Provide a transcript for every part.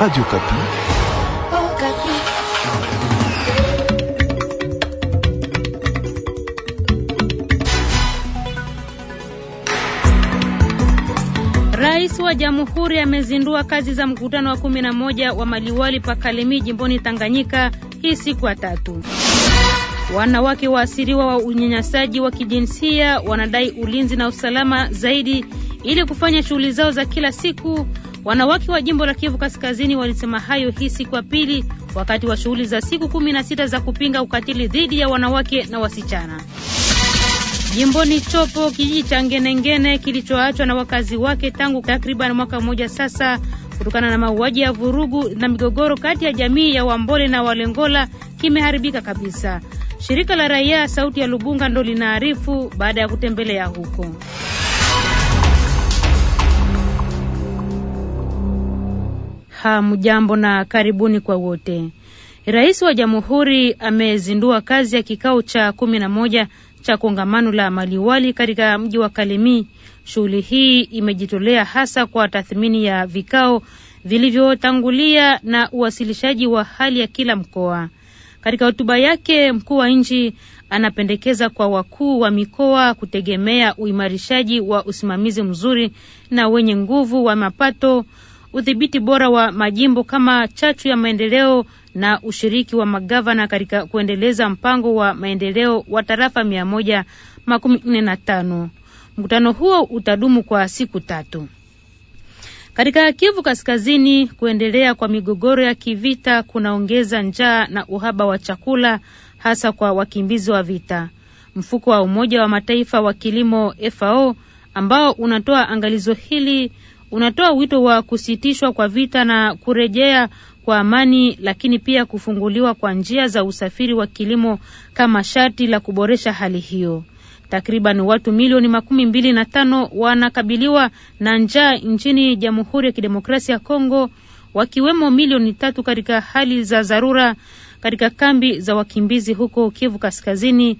Radio Kapi. Oh, Kapi. Rais wa Jamhuri amezindua kazi za mkutano wa 11 wa maliwali pa Kalemi jimboni Tanganyika hii siku ya tatu. Wanawake waasiriwa wa unyanyasaji wa kijinsia wanadai ulinzi na usalama zaidi ili kufanya shughuli zao za kila siku Wanawake wa jimbo la Kivu Kaskazini walisema hayo hii siku ya pili wakati wa shughuli za siku kumi na sita za kupinga ukatili dhidi ya wanawake na wasichana. Jimboni Chopo, kijiji cha Ngenengene kilichoachwa na wakazi wake tangu takriban mwaka mmoja sasa kutokana na mauaji ya vurugu na migogoro kati ya jamii ya Wambole na Walengola kimeharibika kabisa. Shirika la raia Sauti ya Lubunga ndo linaarifu baada ya kutembelea huko. Hamjambo na karibuni kwa wote. Rais wa Jamhuri amezindua kazi ya kikao cha kumi na moja cha kongamano la maliwali katika mji wa Kalemi. Shughuli hii imejitolea hasa kwa tathmini ya vikao vilivyotangulia na uwasilishaji wa hali ya kila mkoa. Katika hotuba yake, mkuu wa nchi anapendekeza kwa wakuu wa mikoa kutegemea uimarishaji wa usimamizi mzuri na wenye nguvu wa mapato, udhibiti bora wa majimbo kama chachu ya maendeleo na ushiriki wa magavana katika kuendeleza mpango wa maendeleo wa tarafa mia moja makumi nne na tano. Mkutano huo utadumu kwa siku tatu. Katika Kivu Kaskazini, kuendelea kwa migogoro ya kivita kunaongeza njaa na uhaba wa chakula, hasa kwa wakimbizi wa vita. Mfuko wa Umoja wa Mataifa wa kilimo FAO ambao unatoa angalizo hili unatoa wito wa kusitishwa kwa vita na kurejea kwa amani, lakini pia kufunguliwa kwa njia za usafiri wa kilimo kama sharti la kuboresha hali hiyo. Takriban watu milioni makumi mbili na tano wanakabiliwa na njaa nchini Jamhuri ya Kidemokrasia ya Kongo, wakiwemo milioni tatu katika hali za dharura katika kambi za wakimbizi huko Kivu Kaskazini,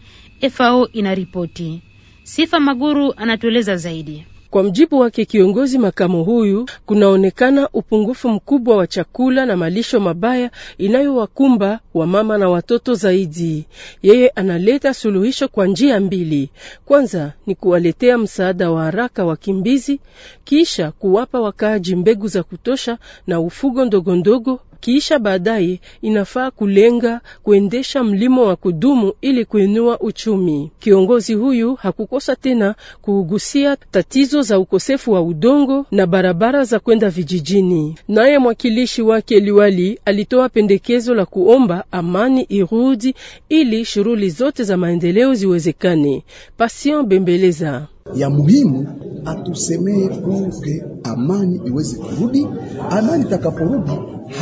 FAO inaripoti. Sifa Maguru anatueleza zaidi. Kwa mjibu wake kiongozi makamu huyu, kunaonekana upungufu mkubwa wa chakula na malisho mabaya inayowakumba wamama na watoto zaidi. Yeye analeta suluhisho kwa njia mbili. Kwanza ni kuwaletea msaada wa haraka wakimbizi, kisha kuwapa wakaaji mbegu za kutosha na ufugo ndogondogo kisha baadaye inafaa kulenga kuendesha mlimo wa kudumu ili kuinua uchumi. Kiongozi huyu hakukosa tena kuugusia tatizo za ukosefu wa udongo na barabara za kwenda vijijini. Naye mwakilishi wake liwali alitoa pendekezo la kuomba amani irudi ili shughuli zote za maendeleo ziwezekane. Patient Bembeleza ya muhimu atusemee kuke amani iweze kurudi. Amani itakaporudi,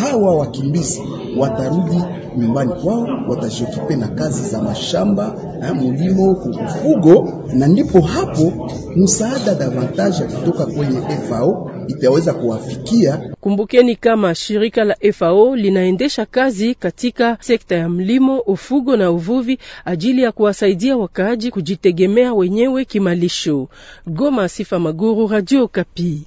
hawa wakimbizi watarudi nyumbani kwao, watashokipe na kazi za mashamba, eh, mulimo, kufugo, na ndipo hapo msaada davantage ya kutoka kwenye FAO itaweza kuwafikia. Kumbukeni kama shirika la FAO linaendesha kazi katika sekta ya mlimo, ufugo na uvuvi ajili ya kuwasaidia wakaaji kujitegemea wenyewe kimalisho. Goma, Sifa Maguru, Radio Kapi.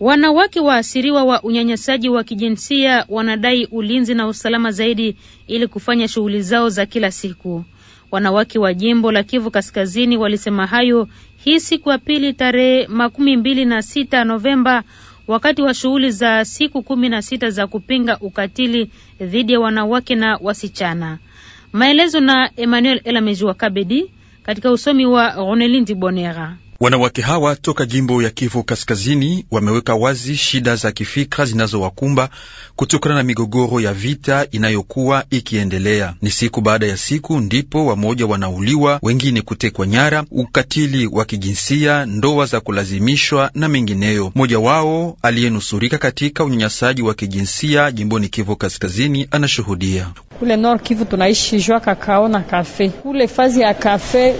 Wanawake waasiriwa wa unyanyasaji wa kijinsia wanadai ulinzi na usalama zaidi ili kufanya shughuli zao za kila siku. Wanawake wa jimbo la Kivu Kaskazini walisema hayo hii siku ya pili tarehe makumi mbili na sita Novemba wakati wa shughuli za siku kumi na sita za kupinga ukatili dhidi ya wanawake na wasichana. Maelezo na Emmanuel Elamejua Kabedi katika usomi wa Ronelindi Bonera. Wanawake hawa toka jimbo ya Kivu Kaskazini wameweka wazi shida za kifikra zinazowakumba kutokana na migogoro ya vita inayokuwa ikiendelea. Ni siku baada ya siku ndipo wamoja wanauliwa, wengine kutekwa nyara, ukatili wa kijinsia, ndoa za kulazimishwa na mengineyo. Mmoja wao aliyenusurika katika unyanyasaji wa kijinsia jimboni Kivu Kaskazini anashuhudia kule Nord Kivu tunaishi jua kakao na kafe kule fazi ya kafe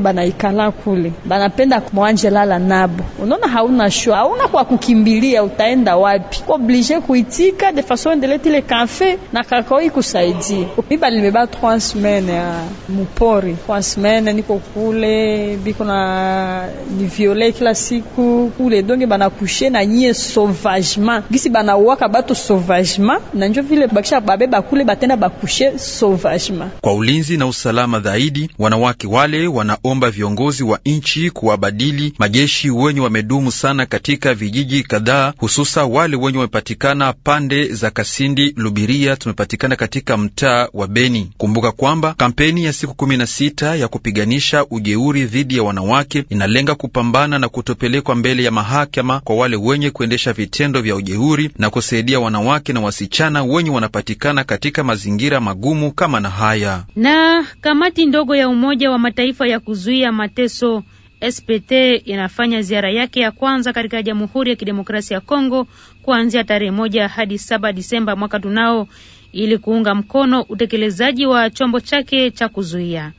banaikala kule banapenda mwanje lala nabo. Unaona, hauna shoa hauna kwa kukimbilia, utaenda wapi? Oblige kuitika de façon de letile kafe na kakoi kusaidia Miba limeba 3 semaines ya ah, mupori, 3 semaine niko kule, biko na ni viole kila siku kule, donge banakushe na nyie sauvagement, gisi banawaka bato sauvagement, na njo vile bakisha babe bakule batenda bakushe sauvagement. Kwa ulinzi na usalama zaidi, wanawake wale wanaomba viongozi wa inchi nchi kuwabadili majeshi wenye wamedumu sana katika vijiji kadhaa, hususa wale wenye wamepatikana pande za Kasindi Lubiria, tumepatikana katika mtaa wa Beni. Kumbuka kwamba kampeni ya siku kumi na sita ya kupiganisha ujeuri dhidi ya wanawake inalenga kupambana na kutopelekwa mbele ya mahakama kwa wale wenye kuendesha vitendo vya ujeuri na kusaidia wanawake na wasichana wenye wanapatikana katika mazingira magumu kama na haya. Na kamati ndogo ya Umoja wa Mataifa ya kuzuia mateso SPT inafanya ziara yake ya kwanza katika Jamhuri ya Kidemokrasia ya Kongo kuanzia tarehe moja hadi saba Disemba mwaka tunao ili kuunga mkono utekelezaji wa chombo chake cha kuzuia.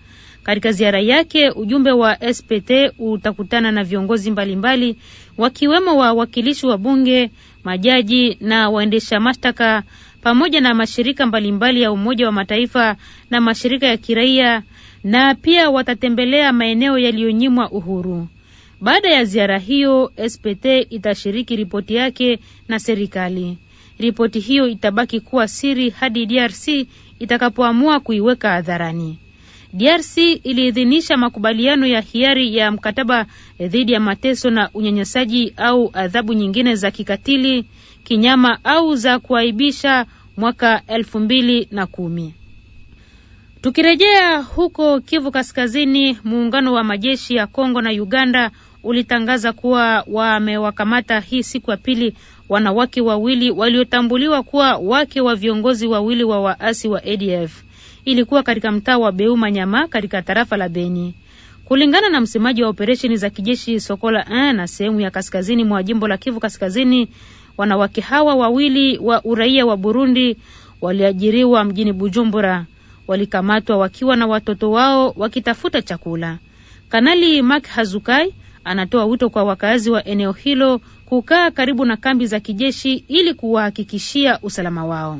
Katika ziara yake, ujumbe wa SPT utakutana na viongozi mbalimbali wakiwemo wawakilishi wa bunge, majaji na waendesha mashtaka pamoja na mashirika mbalimbali ya Umoja wa Mataifa na mashirika ya kiraia na pia watatembelea maeneo yaliyonyimwa uhuru. Baada ya ziara hiyo, SPT itashiriki ripoti yake na serikali. Ripoti hiyo itabaki kuwa siri hadi DRC itakapoamua kuiweka hadharani. DRC iliidhinisha makubaliano ya hiari ya mkataba dhidi ya mateso na unyanyasaji au adhabu nyingine za kikatili, kinyama au za kuaibisha mwaka elfu mbili na kumi. Tukirejea huko Kivu Kaskazini, muungano wa majeshi ya Kongo na Uganda ulitangaza kuwa wamewakamata hii siku ya pili wanawake wawili waliotambuliwa kuwa wake wa viongozi wawili wa waasi wa ADF. Ilikuwa katika mtaa wa Beuma Nyama katika tarafa la Beni. Kulingana na msemaji wa operesheni za kijeshi Sokola na sehemu ya kaskazini mwa jimbo la Kivu Kaskazini, wanawake hawa wawili wa uraia wa Burundi waliajiriwa mjini Bujumbura walikamatwa wakiwa na watoto wao wakitafuta chakula. Kanali Mark Hazukai anatoa wito kwa wakazi wa eneo hilo kukaa karibu na kambi za kijeshi ili kuwahakikishia usalama wao.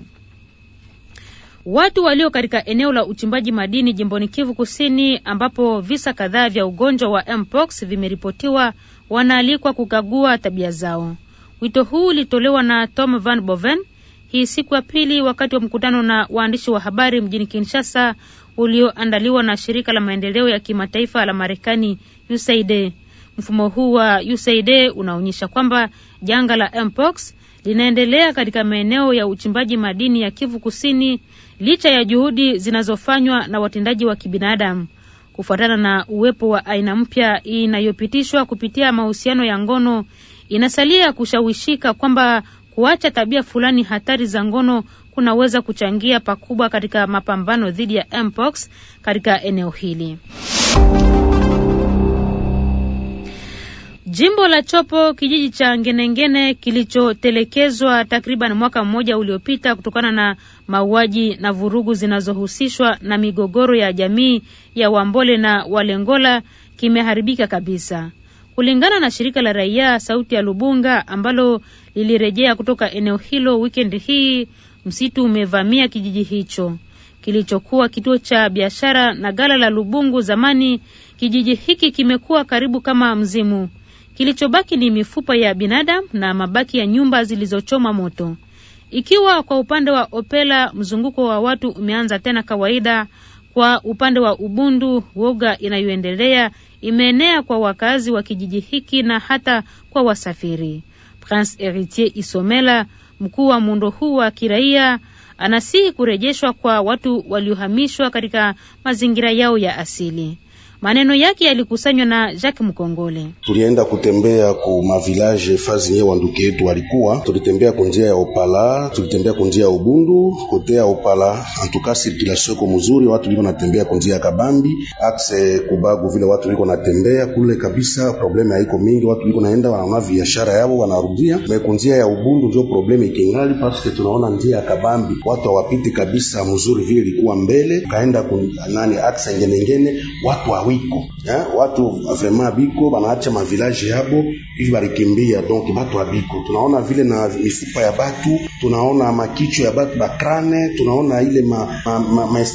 Watu walio katika eneo la uchimbaji madini jimboni Kivu Kusini, ambapo visa kadhaa vya ugonjwa wa mpox vimeripotiwa, wanaalikwa kukagua tabia zao. Wito huu ulitolewa na Tom Van Boven, hii siku ya pili wakati wa mkutano na waandishi wa habari mjini Kinshasa ulioandaliwa na shirika la maendeleo ya kimataifa la Marekani USAID. Mfumo huu wa USAID unaonyesha kwamba janga la mpox linaendelea katika maeneo ya uchimbaji madini ya Kivu Kusini licha ya juhudi zinazofanywa na watendaji wa kibinadamu. Kufuatana na uwepo wa aina mpya inayopitishwa kupitia mahusiano ya ngono, inasalia kushawishika kwamba Kuacha tabia fulani hatari za ngono kunaweza kuchangia pakubwa katika mapambano dhidi ya mpox katika eneo hili. Jimbo la Chopo, kijiji cha Ngenengene kilichotelekezwa takriban mwaka mmoja uliopita kutokana na mauaji na vurugu zinazohusishwa na migogoro ya jamii ya Wambole na Walengola kimeharibika kabisa. Kulingana na shirika la raia Sauti ya Lubunga ambalo lilirejea kutoka eneo hilo wikendi hii, msitu umevamia kijiji hicho kilichokuwa kituo cha biashara na gala la Lubungu zamani. Kijiji hiki kimekuwa karibu kama mzimu. Kilichobaki ni mifupa ya binadamu na mabaki ya nyumba zilizochoma moto. Ikiwa kwa upande wa Opela mzunguko wa watu umeanza tena kawaida, kwa upande wa Ubundu, woga inayoendelea imeenea kwa wakazi wa kijiji hiki na hata kwa wasafiri. Prince Heritier Isomela, mkuu wa muundo huu wa kiraia, anasihi kurejeshwa kwa watu waliohamishwa katika mazingira yao ya asili. Maneno yake yalikusanywa na Jacques Mkongole. Tulienda kutembea ku mavilaje fazi nye wanduke yetu walikuwa, tulitembea kunjia ya Opala, tulitembea kunjia ya Ubundu, kote ya Opala antuka sirkulasio ko mzuri, watu liko natembea kunjia ya Kabambi akse Kubagu, vile watu liko natembea kule kabisa, probleme haiko mingi, watu liko naenda wanaona biashara yao wanarudia. kunjia ya Ubundu ndio probleme ikingali, paske tunaona njia ya Kabambi watu hawapiti kabisa mzuri, vile ilikuwa mbele, kaenda kunani akse ngenengene watu mawiko eh? watu vraiment biko banaacha mavilaji yabo hivi balikimbia, donc batu abiko. Tunaona vile na mifupa ya batu, tunaona makicho ya batu bakrane, tunaona ile ma, ma, ma, ma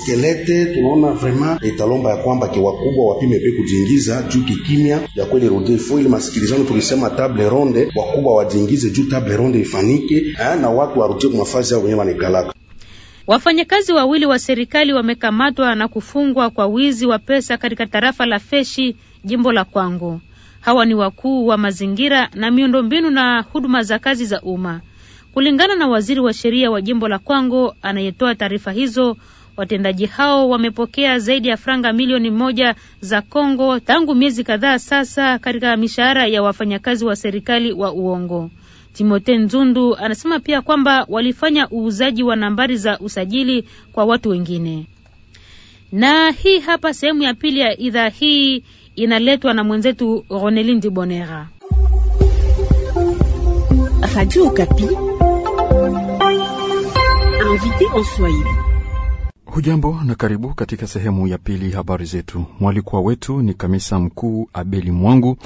tunaona vraiment italomba ya kwamba kiwakubwa wapime pe kujiingiza juu kikimya ya kweli rode fo ile masikilizano tulisema table ronde, wakubwa wajiingize juu table ronde ifanike eh? na watu warudie kwa mafazi yao wenyewe wanikalaka Wafanyakazi wawili wa serikali wamekamatwa na kufungwa kwa wizi wa pesa katika tarafa la Feshi, jimbo la Kwango. Hawa ni wakuu wa mazingira na miundombinu na huduma za kazi za umma, kulingana na waziri wa sheria wa jimbo la Kwango anayetoa taarifa hizo. Watendaji hao wamepokea zaidi ya franga milioni moja za Kongo tangu miezi kadhaa sasa katika mishahara ya wafanyakazi wa serikali wa uongo. Timote Nzundu anasema pia kwamba walifanya uuzaji wa nambari za usajili kwa watu wengine. Na hii hapa sehemu ya pili ya idhaa hii inaletwa na mwenzetu Ronelin Di Bonera. Hujambo na karibu katika sehemu ya pili habari zetu. Mwalikwa wetu ni kamisa mkuu Abeli Mwangu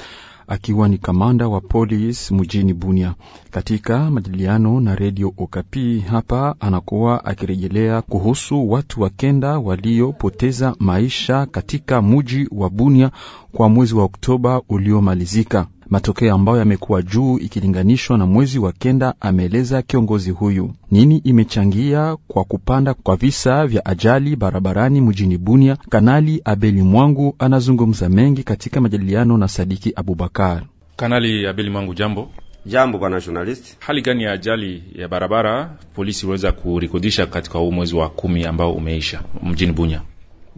akiwa ni kamanda wa polisi mjini Bunia. Katika majadiliano na redio Okapi hapa, anakuwa akirejelea kuhusu watu wa kenda waliopoteza maisha katika muji wa Bunia kwa mwezi wa Oktoba uliomalizika matokeo ambayo yamekuwa juu ikilinganishwa na mwezi wa kenda, ameeleza kiongozi huyu. Nini imechangia kwa kupanda kwa visa vya ajali barabarani mjini Bunia? Kanali Abeli Mwangu anazungumza mengi katika majadiliano na Sadiki Abubakar. Kanali Abeli Mwangu, jambo. Jambo bwana journalist. Hali gani ya ajali ya barabara polisi waweza kurekodisha katika huu mwezi wa kumi ambao umeisha mjini Bunya?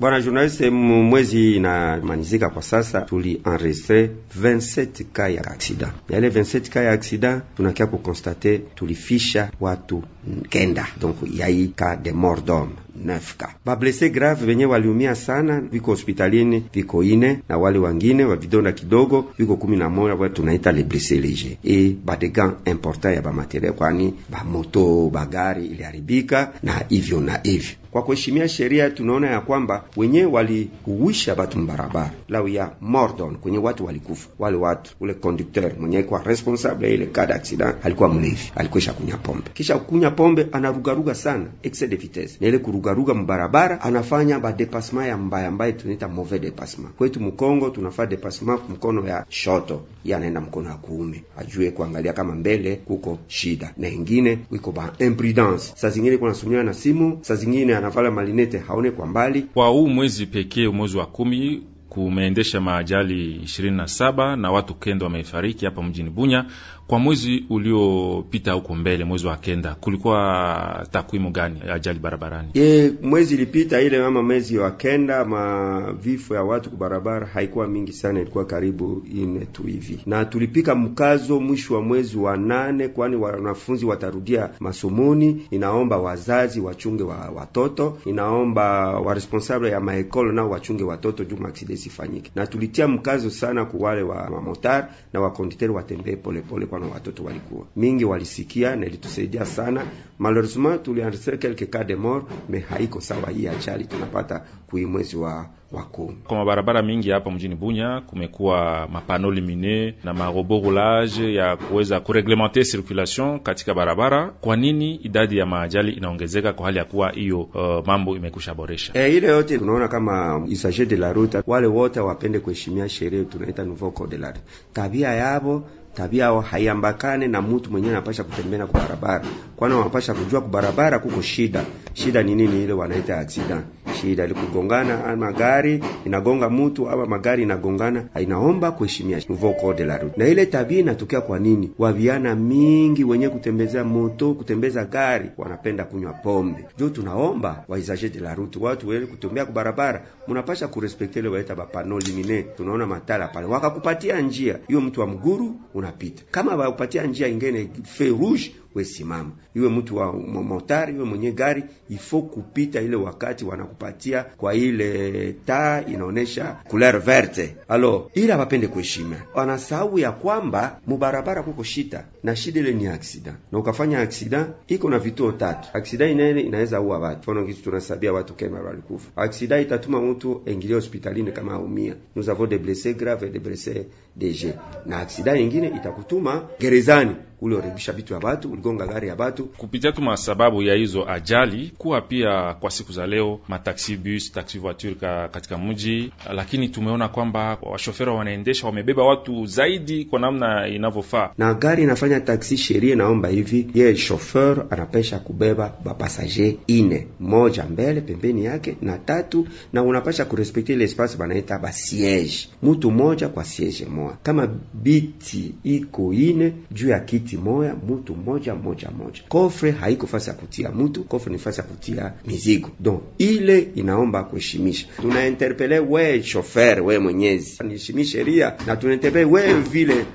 Bwana journaliste, mwezi manizika kwa sasa, tulienregistre 27 ka ya aksida. Yale 27 ka ya aksida tunakia kukonstate tulifisha watu kenda, donc yai ka de mort d'homme neuf ka bablesse grave venye waliumia sana, viko hospitalini viko ine na wale wangine vidonda kidogo viko kumi wa moja tunaita le blesse leger e badegan important ya bamateriel, kwani bamoto bagari iliharibika na hivyo na hivyo kwa kuheshimia sheria, tunaona ya kwamba wenyewe walikuwisha batu mbarabara lau ya Mordon kwenye watu walikufa wale watu, ule conducteur mwenye kwa responsable ile kada accident alikuwa mlevi, alikwisha kunya pombe. Kisha kunya pombe anarugaruga sana, excès de vitesse, na ile kurugaruga mbarabara anafanya ba dépassement ya mbaya mbaya, tunaita mauvais dépassement. Kwetu mkongo tunafaa dépassement mkono ya shoto, yeye anaenda mkono wa kuume, ajue kuangalia kama mbele kuko shida, na ingine iko ba imprudence, saa zingine kuna sumiwa na simu, saa zingine anavala malinete haone kwa mbali. Kwa huu mwezi pekee, mwezi wa kumi kumeendesha maajali 27 na watu kenda wamefariki hapa mjini Bunya kwa mwezi uliopita huko mbele, mwezi wa kenda, kulikuwa takwimu gani ajali barabarani? Ye, mwezi ilipita ile mama, mwezi wa kenda, ma vifo ya watu kubarabara haikuwa mingi sana, ilikuwa karibu ine tu hivi, na tulipika mkazo mwisho wa mwezi wa nane, kwani wanafunzi watarudia masomoni. Inaomba wazazi wachunge wa watoto, inaomba waresponsable ya maekolo nao wachunge watoto juu makside isifanyike, na tulitia mkazo sana kuwale wa mamotar na wakonditeri watembee polepole kwa na watoto walikuwa mingi walisikia, na ilitusaidia sana. Malheureusement tulienregistre quelques cas de mort, me haiko sawa hii achali tunapata kui mwezi wa wakuu. Kwa mabarabara mingi hapa mjini Bunya kumekuwa mapano limine na marobo roulage ya kuweza kureglementer circulation katika barabara. Kwa nini idadi ya maajali inaongezeka kwa hali ya kuwa hiyo uh, mambo imekusha boresha? E, ile yote tunaona kama isager de la route, wale wote wapende kuheshimia sheria, tunaita nouveau code de la route, tabia yabo tabia yao haiambakane na mutu mwenyewe anapasha kutembea kubarabara, kwani wanapasha kujua kubarabara kuko shida. Shida ni nini? Ile wanaita accident shida likugongana ama gari inagonga mutu ama magari inagongana, inaomba kuheshimia nouveau code de la route. Na ile tabia inatokea kwa nini? Waviana mingi wenye kutembezea moto, kutembeza gari, wanapenda kunywa pombe. Jo, tunaomba waisager de la route, watu wele kutembea kwa barabara, mnapasha kurespekte ile waita bapano limine, tunaona matala pale, wakakupatia njia hiyo, mtu wa mguru unapita, kama waupatia njia ingine feu rouge we simama, iwe mtu wa motari, iwe mwenye gari, ifo kupita ile wakati wanakupatia kwa ile taa inaonesha couleur verte. Alo, ila wapende kuheshima, wanasahau ya kwamba mubarabara kuko shita na shida ile ni aksida, na ukafanya aksida iko na vituo tatu. Aksida inene inaweza uwa watu, mfano kitu tunasabia watu kema walikufa. Aksida itatuma mtu ingilie hospitalini kama aumia, nous avons des blessés graves et des blessés légers, na aksida ingine itakutuma gerezani ulioharibisha vitu ya batu, uligonga gari ya batu. Kupitia tu masababu ya hizo ajali kuwa pia kwa siku za leo mataxi bus, taxi voiture ka, katika mji, lakini tumeona kwamba washofera wanaendesha wamebeba watu zaidi kwa namna inavyofaa, na gari inafanya taxi. Sheria Naomba hivi, ye shofer anapesha kubeba bapasager ine moja mbele pembeni yake na tatu, na unapasha kurespekti ile espace banaita basiege, mtu moja kwa siege moja, kama biti iko ine juu ya kiti binti moya mutu moja moja moja. Kofre haiko fasi ya kutia mutu, kofre ni fasi ya kutia mizigo, don ile inaomba kuheshimisha. Tunainterpele we shofer, we mwenyezi, niheshimishe sheria na tunainterpele we vile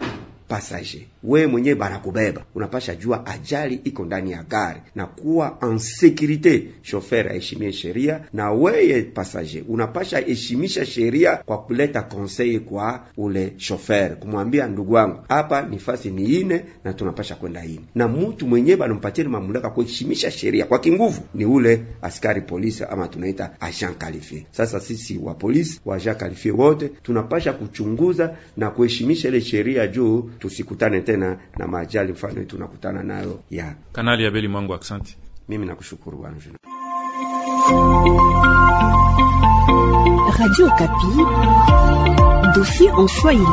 passager, we mwenye banakubeba unapasha jua ajali iko ndani ya gari na kuwa en sécurité Shofer aheshimie sheria na weye passager unapasha heshimisha sheria kwa kuleta conseil kwa ule shofer, kumwambia ndugu wangu, hapa ni fasi ni ine na tunapasha kwenda ine, na mtu mwenye banampatia mamlaka kuheshimisha sheria kwa kinguvu ni ule askari polisi ama tunaita agent qualifié. Sasa sisi wa polisi wa agent qualifié wote tunapasha kuchunguza na kuheshimisha ile sheria juu tusikutane tena na maajali mfano tunakutana nayo ya Kanali beli Mwangu. Asante, mimi nakushukuru bwana. Radio Kapi, dofi en Swahili.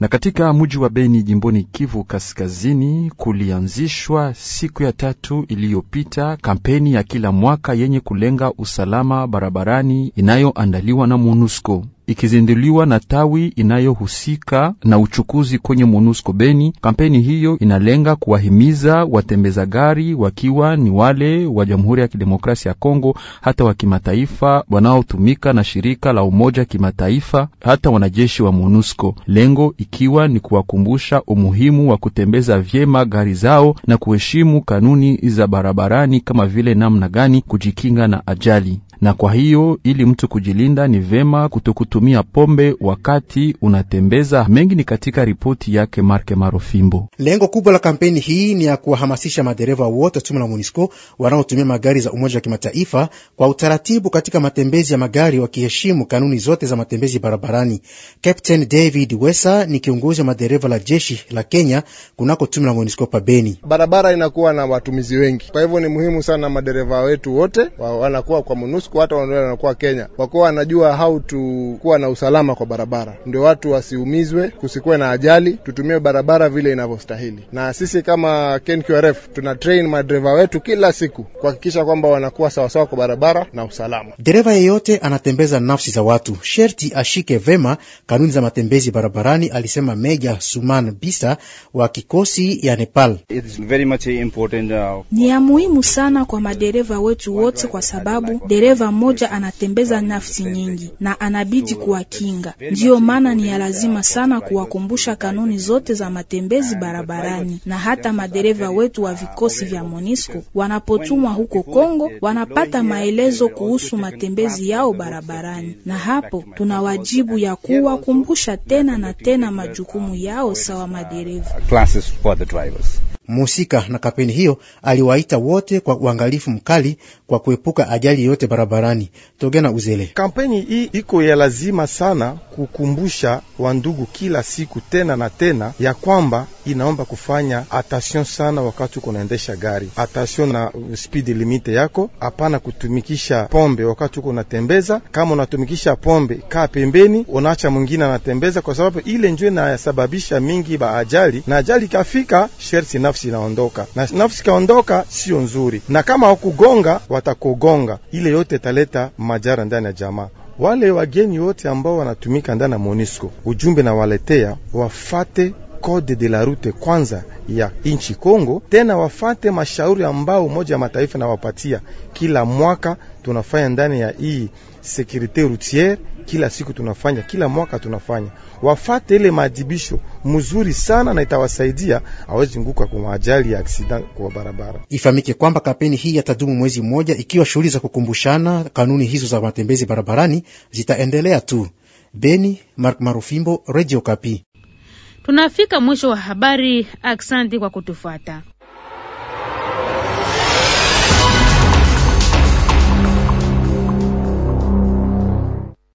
Na katika mji wa Beni jimboni Kivu Kaskazini kulianzishwa siku ya tatu iliyopita kampeni ya kila mwaka yenye kulenga usalama barabarani inayoandaliwa na MONUSCO ikizinduliwa na tawi inayohusika na uchukuzi kwenye MONUSCO Beni. Kampeni hiyo inalenga kuwahimiza watembeza gari wakiwa ni wale wa Jamhuri ya Kidemokrasia ya Kongo, hata wa kimataifa wanaotumika na shirika la umoja kimataifa, hata wanajeshi wa MONUSCO, lengo ikiwa ni kuwakumbusha umuhimu wa kutembeza vyema gari zao na kuheshimu kanuni za barabarani kama vile namna gani kujikinga na ajali na kwa hiyo ili mtu kujilinda ni vema kutokutumia pombe wakati unatembeza. Mengi ni katika ripoti yake Marke Marofimbo. Lengo kubwa la kampeni hii ni ya kuwahamasisha madereva wote tume la MONUSCO wanaotumia magari za Umoja wa Kimataifa kwa utaratibu katika matembezi ya magari, wakiheshimu kanuni zote za matembezi barabarani. Captain David Wesa ni kiongozi wa madereva la jeshi la Kenya kunako tume la MONUSCO pabeni. Barabara inakuwa na watumizi wengi, kwa hivyo ni muhimu sana madereva wetu wote wanakuwa kwa MONUSCO siku hata wanakuwa Kenya wakuwa wanajua how to kuwa na usalama kwa barabara, ndio watu wasiumizwe, kusikuwe na ajali, tutumie barabara vile inavyostahili. Na sisi kama KenQRF tuna train madereva wetu kila siku kuhakikisha kwamba wanakuwa sawasawa kwa barabara na usalama. Dereva yeyote anatembeza nafsi za watu sherti ashike vema kanuni za matembezi barabarani, alisema Meja Suman Bisa wa kikosi ya Nepal. Very much important, uh, ni ya muhimu sana kwa madereva wetu wote, kwa sababu dereva dereva mmoja anatembeza nafsi nyingi na anabidi kuwakinga. Ndiyo maana ni ya lazima sana kuwakumbusha kanuni zote za matembezi barabarani, na hata madereva wetu wa vikosi vya monisco wanapotumwa huko Kongo wanapata maelezo kuhusu matembezi yao barabarani, na hapo tuna wajibu ya kuwakumbusha tena na tena majukumu yao sawa madereva. Mhusika na kampeni hiyo aliwaita wote kwa uangalifu mkali kwa kuepuka ajali yote barabarani. Togena Uzele, kampeni hii iko ya lazima sana kukumbusha wandugu kila siku tena na tena ya kwamba inaomba kufanya atasion sana wakati ukonaendesha gari, attention na speed limite yako, hapana kutumikisha pombe wakati uko unatembeza. Kama unatumikisha pombe, kaa pembeni, unaacha mwingine anatembeza, kwa sababu ile njoo inasababisha mingi ba ajali, na ajali ikafika, shersi nafsi inaondoka, na nafsi kaondoka, sio nzuri, na kama wakugonga watakugonga, ile yote italeta majara ndani ya jamaa wale wageni wote ambao wanatumika ndani ya Monisco, ujumbe na waletea wafate code de la route kwanza ya inchi Kongo, tena wafate mashauri ambao Umoja wa Mataifa nawapatia kila mwaka. Tunafanya ndani ya hii securite routiere kila siku tunafanya, kila mwaka tunafanya, wafate ile maadibisho mzuri sana, na itawasaidia awezi nguka kwa ajali ya aksida kwa barabara. Ifahamike kwamba kampeni hii yatadumu mwezi mmoja, ikiwa shughuli za kukumbushana kanuni hizo za matembezi barabarani zitaendelea tu. Beni, Mark Marufimbo, Radio Kapi. Tunafika mwisho wa habari. Aksanti kwa kutufuata.